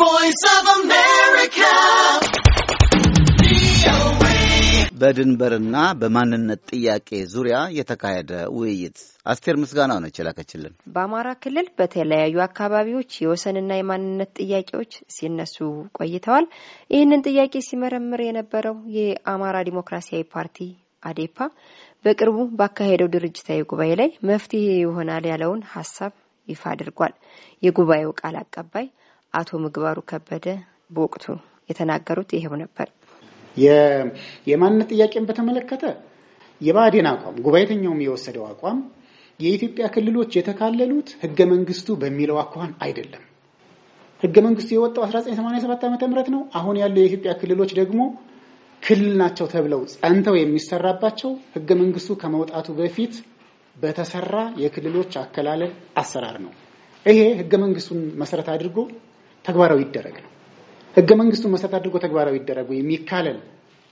voice of America. በድንበርና በማንነት ጥያቄ ዙሪያ የተካሄደ ውይይት አስቴር ምስጋናው ነች የላከችልን። በአማራ ክልል በተለያዩ አካባቢዎች የወሰንና የማንነት ጥያቄዎች ሲነሱ ቆይተዋል። ይህንን ጥያቄ ሲመረምር የነበረው የአማራ ዲሞክራሲያዊ ፓርቲ አዴፓ በቅርቡ ባካሄደው ድርጅታዊ ጉባኤ ላይ መፍትሄ ይሆናል ያለውን ሀሳብ ይፋ አድርጓል። የጉባኤው ቃል አቀባይ አቶ ምግባሩ ከበደ በወቅቱ የተናገሩት ይሄው ነበር። የማንነት ጥያቄን በተመለከተ የባህዴን አቋም ጉባኤተኛውም የወሰደው አቋም የኢትዮጵያ ክልሎች የተካለሉት ህገ መንግስቱ በሚለው አኳን አይደለም። ህገ መንግስቱ የወጣው 1987 ዓ ም ነው። አሁን ያሉ የኢትዮጵያ ክልሎች ደግሞ ክልል ናቸው ተብለው ጸንተው የሚሰራባቸው ህገ መንግስቱ ከመውጣቱ በፊት በተሰራ የክልሎች አከላለል አሰራር ነው። ይሄ ህገ መንግስቱን መሰረት አድርጎ ተግባራዊ ይደረግ ነው። ህገ መንግስቱን መሰረት አድርጎ ተግባራዊ ይደረግ ወይም ይካለል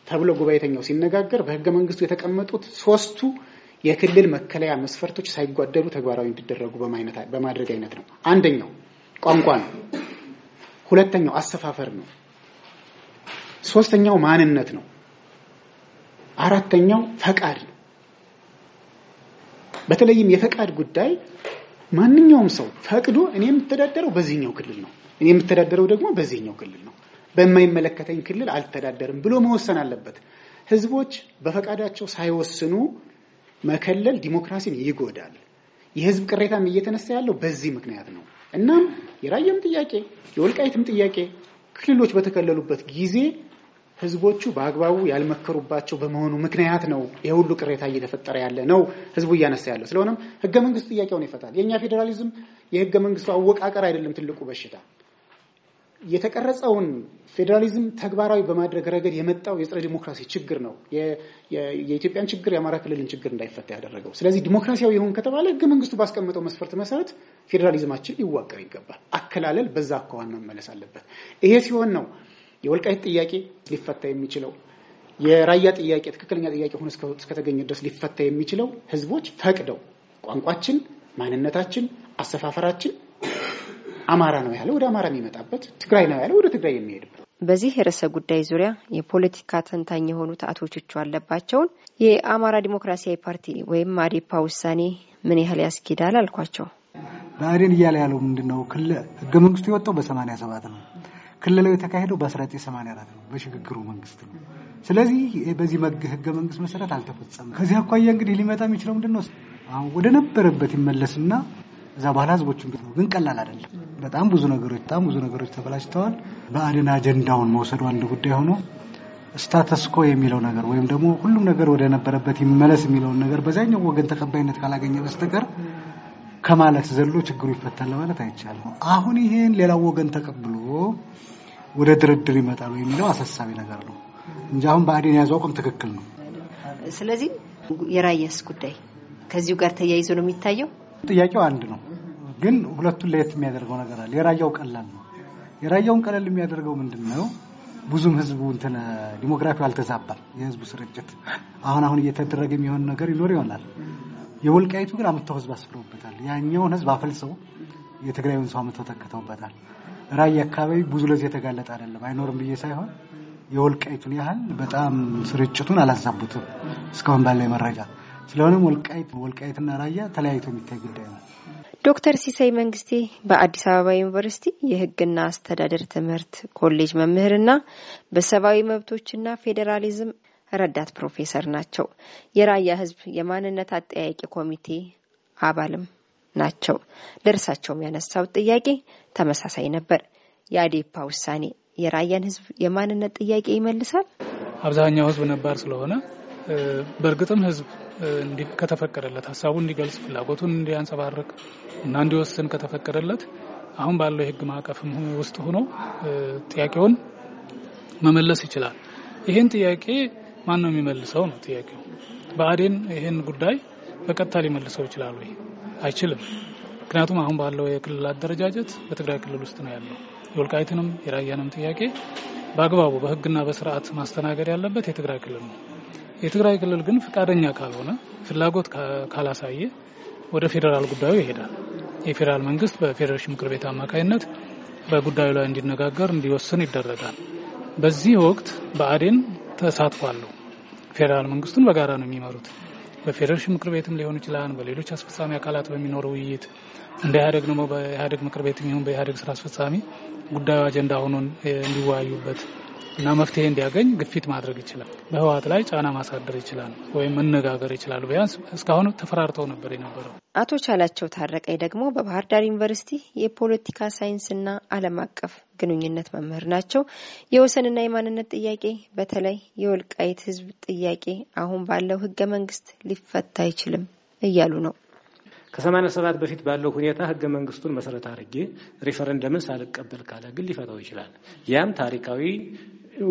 ተብሎ ጉባኤተኛው ሲነጋገር በህገ መንግስቱ የተቀመጡት ሶስቱ የክልል መከለያ መስፈርቶች ሳይጓደሉ ተግባራዊ እንዲደረጉ በማድረግ አይነት ነው። አንደኛው ቋንቋ ነው። ሁለተኛው አሰፋፈር ነው። ሶስተኛው ማንነት ነው። አራተኛው ፈቃድ ነው። በተለይም የፈቃድ ጉዳይ ማንኛውም ሰው ፈቅዶ እኔ የምተዳደረው በዚህኛው ክልል ነው እኔ የምተዳደረው ደግሞ በዚህኛው ክልል ነው፣ በማይመለከተኝ ክልል አልተዳደርም ብሎ መወሰን አለበት። ህዝቦች በፈቃዳቸው ሳይወስኑ መከለል ዲሞክራሲን ይጎዳል። የህዝብ ቅሬታም እየተነሳ ያለው በዚህ ምክንያት ነው። እናም የራየም ጥያቄ የወልቃይትም ጥያቄ ክልሎች በተከለሉበት ጊዜ ህዝቦቹ በአግባቡ ያልመከሩባቸው በመሆኑ ምክንያት ነው የሁሉ ቅሬታ እየተፈጠረ ያለ ነው ህዝቡ እያነሳ ያለው። ስለሆነም ህገ መንግስት ጥያቄውን ይፈታል። የእኛ ፌዴራሊዝም የህገ መንግስቱ አወቃቀር አይደለም ትልቁ በሽታ የተቀረጸውን ፌዴራሊዝም ተግባራዊ በማድረግ ረገድ የመጣው የጸረ ዲሞክራሲ ችግር ነው የኢትዮጵያን ችግር የአማራ ክልልን ችግር እንዳይፈታ ያደረገው። ስለዚህ ዲሞክራሲያዊ ይሁን ከተባለ ህገ መንግስቱ ባስቀመጠው መስፈርት መሰረት ፌዴራሊዝማችን ሊዋቀር ይገባል። አከላለል በዛ አኳኋን መመለስ አለበት። ይሄ ሲሆን ነው የወልቃይት ጥያቄ ሊፈታ የሚችለው የራያ ጥያቄ ትክክለኛ ጥያቄ ሆኖ እስከተገኘ ድረስ ሊፈታ የሚችለው ህዝቦች ፈቅደው ቋንቋችን፣ ማንነታችን፣ አሰፋፈራችን አማራ ነው ያለ ወደ አማራ የሚመጣበት፣ ትግራይ ነው ያለ ወደ ትግራይ የሚሄድበት። በዚህ ርዕሰ ጉዳይ ዙሪያ የፖለቲካ ተንታኝ የሆኑት አቶ ቹቹ አለባቸውን የአማራ ዲሞክራሲያዊ ፓርቲ ወይም አዴፓ ውሳኔ ምን ያህል ያስኬዳል አልኳቸው። በአዴን እያለ ያለው ምንድን ነው? ህገ መንግስቱ የወጣው በሰማንያ ሰባት ነው። ክልላዊ የተካሄደው በ1984 ነው፣ በሽግግሩ መንግስት ነው። ስለዚህ በዚህ ህገ መንግስት መሰረት አልተፈጸመም። ከዚህ አኳያ እንግዲህ ሊመጣ የሚችለው ምንድን ነው? ወደ ነበረበት ይመለስና እዛ በኋላ ህዝቦች ግን ቀላል አይደለም። በጣም ብዙ ነገሮች በጣም ብዙ ነገሮች ተበላሽተዋል። በአድን አጀንዳውን መውሰዱ አንድ ጉዳይ ሆኖ ስታተስኮ የሚለው ነገር ወይም ደግሞ ሁሉም ነገር ወደ ነበረበት ይመለስ የሚለውን ነገር በዛኛው ወገን ተቀባይነት ካላገኘ በስተቀር ከማለት ዘሎ ችግሩ ይፈታል ለማለት አይቻልም። አሁን ይሄን ሌላው ወገን ተቀብሎ ወደ ድርድር ይመጣሉ የሚለው አሳሳቢ ነገር ነው እንጂ አሁን ብአዴን የያዘው አቋም ትክክል ነው። ስለዚህ የራያስ ጉዳይ ከዚሁ ጋር ተያይዞ ነው የሚታየው። ጥያቄው አንድ ነው። ግን ሁለቱን ለየት የሚያደርገው ነገር አለ። የራያው ቀላል ነው። የራያውን ቀለል የሚያደርገው ምንድን ነው? ብዙም ህዝቡ እንትን ዲሞግራፊው አልተዛባል። የህዝቡ ስርጭት አሁን አሁን እየተደረገ የሚሆን ነገር ይኖር ይሆናል። የወልቃይቱ ግን አምጥተው ህዝብ አስፍረውበታል። ያኛውን ህዝብ አፈልሰው የትግራዩን ሰው አምጥተው ተክተውበታል። ራያ አካባቢ ብዙ ለዚህ የተጋለጠ አይደለም። አይኖርም ብዬ ሳይሆን የወልቃይቱን ያህል በጣም ስርጭቱን አላዛቡትም እስካሁን ባለ መረጃ ስለሆነም ወልቃይት ወልቃይትና ራያ ተለያይቶ የሚታይ ጉዳይ ነው። ዶክተር ሲሳይ መንግስቴ በአዲስ አበባ ዩኒቨርሲቲ የህግና አስተዳደር ትምህርት ኮሌጅ መምህርና በሰብአዊ መብቶችና ፌዴራሊዝም ረዳት ፕሮፌሰር ናቸው። የራያ ህዝብ የማንነት አጠያቂ ኮሚቴ አባልም ናቸው። ለእርሳቸውም ያነሳው ጥያቄ ተመሳሳይ ነበር። የአዴፓ ውሳኔ የራያን ህዝብ የማንነት ጥያቄ ይመልሳል። አብዛኛው ህዝብ ነባር ስለሆነ በእርግጥም ህዝብ ከተፈቀደለት ሀሳቡን እንዲገልጽ ፍላጎቱን እንዲያንጸባርቅ እና እንዲወስን ከተፈቀደለት አሁን ባለው የህግ ማዕቀፍም ውስጥ ሆኖ ጥያቄውን መመለስ ይችላል። ይህን ጥያቄ ማን ነው የሚመልሰው ነው ጥያቄው። በአዴን ይህን ጉዳይ በቀጥታ ሊመልሰው ይችላል ወይ? አይችልም። ምክንያቱም አሁን ባለው የክልል አደረጃጀት በትግራይ ክልል ውስጥ ነው ያለው። የወልቃይትንም የራያንም ጥያቄ በአግባቡ በህግና በስርዓት ማስተናገድ ያለበት የትግራይ ክልል ነው። የትግራይ ክልል ግን ፈቃደኛ ካልሆነ ፍላጎት ካላሳየ ወደ ፌዴራል ጉዳዩ ይሄዳል። የፌዴራል መንግስት በፌዴሬሽን ምክር ቤት አማካኝነት በጉዳዩ ላይ እንዲነጋገር እንዲወስን ይደረጋል። በዚህ ወቅት በአዴን ተሳትፏለሁ ፌዴራል መንግስቱን በጋራ ነው የሚመሩት። በፌዴሬሽን ምክር ቤትም ሊሆን ይችላል፣ በሌሎች አስፈጻሚ አካላት በሚኖር ውይይት፣ እንደ ኢህአዴግ ደግሞ በኢህአዴግ ምክር ቤት የሚሆን በኢህአዴግ ስራ አስፈጻሚ ጉዳዩ አጀንዳ ሆኖ እንዲወያዩበት እና መፍትሄ እንዲያገኝ ግፊት ማድረግ ይችላል። በህወሓት ላይ ጫና ማሳደር ይችላል ወይም መነጋገር ይችላል። ቢያንስ እስካሁን ተፈራርተው ነበር የነበረው። አቶ ቻላቸው ታረቀኝ ደግሞ በባህር ዳር ዩኒቨርሲቲ የፖለቲካ ሳይንስና ዓለም አቀፍ ግንኙነት መምህር ናቸው። የወሰንና የማንነት ጥያቄ በተለይ የወልቃይት ህዝብ ጥያቄ አሁን ባለው ህገ መንግስት ሊፈታ አይችልም እያሉ ነው። ከሰማንያ ሰባት በፊት ባለው ሁኔታ ህገ መንግስቱን መሰረት አድርጌ ሪፈረንደምን ሳልቀበል ካለ ግን ሊፈታው ይችላል። ያም ታሪካዊ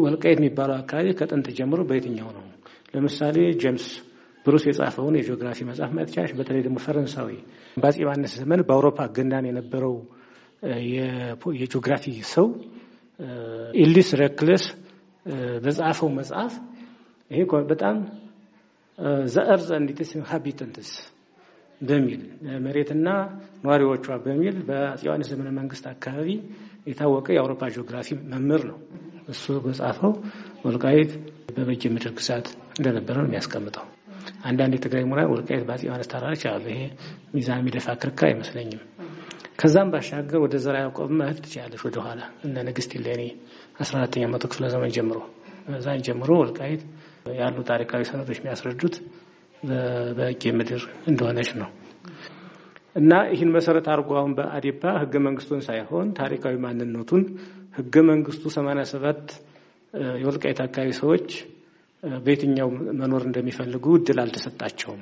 ወልቃይት የሚባለው አካባቢ ከጥንት ጀምሮ በየትኛው ነው? ለምሳሌ ጄምስ ብሩስ የጻፈውን የጂኦግራፊ መጽሐፍ ማየት በተለይ ደግሞ ፈረንሳዊ በአፄ ዮሐንስ ዘመን በአውሮፓ ገናን የነበረው የጂኦግራፊ ሰው ኢሊስ ረክለስ በጻፈው መጽሐፍ ይሄ በጣም ዘ እርዝ እንዲትስ በሚል መሬትና ነዋሪዎቿ በሚል በአፄ ዮሐንስ ዘመነ መንግስት አካባቢ የታወቀ የአውሮፓ ጂኦግራፊ መምህር ነው። እሱ በጻፈው ወልቃይት በበጌ ምድር ግዛት እንደነበረ ነው የሚያስቀምጠው። አንዳንድ የትግራይ ሙራ ወልቃይት በአፄ ዮሐንስ ታራሪ ይችላሉ። ይሄ ሚዛን የሚደፋ ክርክር አይመስለኝም። ከዛም ባሻገር ወደ ዘርዓ ያዕቆብ መሄድ ትችላለች። ወደኋላ እነ ንግስት እሌኒ አስራ አራተኛ መቶ ክፍለ ዘመን ጀምሮ እዛን ጀምሮ ወልቃይት ያሉ ታሪካዊ ሰነዶች የሚያስረዱት በቂ ምድር እንደሆነች ነው እና ይህን መሰረት አድርጎ አሁን በአዴፓ ህገ መንግስቱን ሳይሆን ታሪካዊ ማንነቱን ህገ መንግስቱ 87 የወልቃይት አካባቢ ሰዎች በየትኛው መኖር እንደሚፈልጉ እድል አልተሰጣቸውም።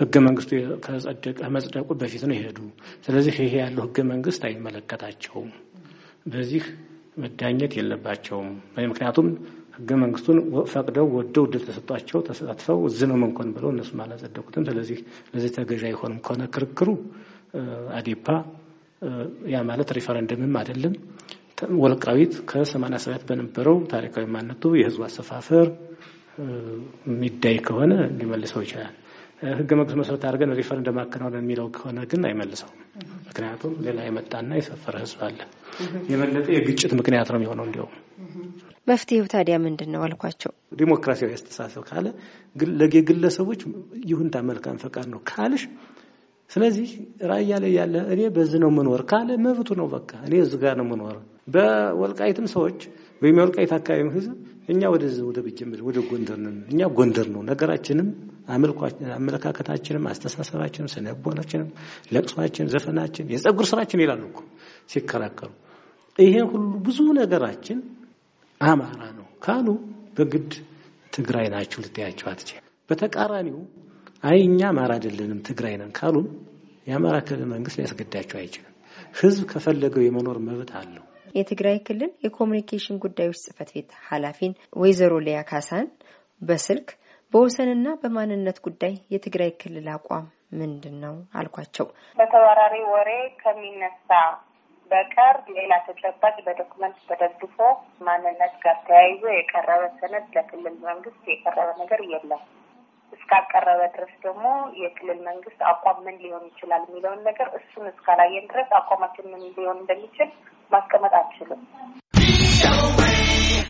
ህገ መንግስቱ ከጸደቀ መጽደቁ በፊት ነው ይሄዱ። ስለዚህ ይሄ ያለው ህገ መንግስት አይመለከታቸውም። በዚህ መዳኘት የለባቸውም። ምክንያቱም ህገ መንግስቱን ፈቅደው ወደው ድል ተሰጧቸው ተሳትፈው እዚህ ነው መንኮን ብለው እነሱም አላጸደቁትም። ስለዚህ ለዚህ ተገዥ አይሆንም ከሆነ ክርክሩ አዴፓ ያ ማለት ሪፈረንደምም አይደለም። ወልቃዊት ከሰማንያ ሰባት በነበረው ታሪካዊ ማነቱ የህዝቡ አሰፋፈር የሚዳይ ከሆነ ሊመልሰው ይችላል። ህገ መንግስት መሰረት አድርገን ሪፈረንደም አከናወን የሚለው ከሆነ ግን አይመልሰውም። ምክንያቱም ሌላ የመጣና የሰፈረ ህዝብ አለ። የበለጠ የግጭት ምክንያት ነው የሚሆነው እንዲያውም መፍትሄው ታዲያ ምንድን ነው አልኳቸው። ዲሞክራሲያዊ አስተሳሰብ ካለ ለግለሰቦች ይሁንታ መልካም ፈቃድ ነው ካልሽ ስለዚህ ራያ ላይ ያለ እኔ በዚህ ነው ምኖር ካለ መብቱ ነው። በቃ እኔ እዚህ ጋር ነው ምኖር። በወልቃይትም ሰዎች ወይም የወልቃይት አካባቢ ህዝብ እኛ ወደዚህ ወደ ብጀምር ወደ ጎንደር ነን። እኛ ጎንደር ነው ነገራችንም፣ አመለካከታችንም፣ አስተሳሰባችንም፣ ስነቦናችንም፣ ለቅሷችን፣ ዘፈናችን፣ የፀጉር ስራችን ይላሉ እኮ ሲከራከሩ ይሄ ሁሉ ብዙ ነገራችን አማራ ነው ካሉ በግድ ትግራይ ናችሁ ልትያቸው አትችል። በተቃራኒው አይ እኛ አማራ አይደለንም ትግራይ ነን ካሉ የአማራ ክልል መንግስት ሊያስገዳቸው አይችልም። ህዝብ ከፈለገው የመኖር መብት አለው። የትግራይ ክልል የኮሚኒኬሽን ጉዳዮች ጽህፈት ቤት ኃላፊን ወይዘሮ ሊያ ካሳን በስልክ በወሰንና በማንነት ጉዳይ የትግራይ ክልል አቋም ምንድን ነው አልኳቸው። በተባራሪ ወሬ ከሚነሳ በቀር ሌላ ተጨባጭ በዶክመንት ተደግፎ ማንነት ጋር ተያይዞ የቀረበ ሰነድ ለክልል መንግስት የቀረበ ነገር የለም። እስካቀረበ ድረስ ደግሞ የክልል መንግስት አቋም ምን ሊሆን ይችላል የሚለውን ነገር እሱን እስካላየን ድረስ አቋማችን ምን ሊሆን እንደሚችል ማስቀመጥ አንችልም።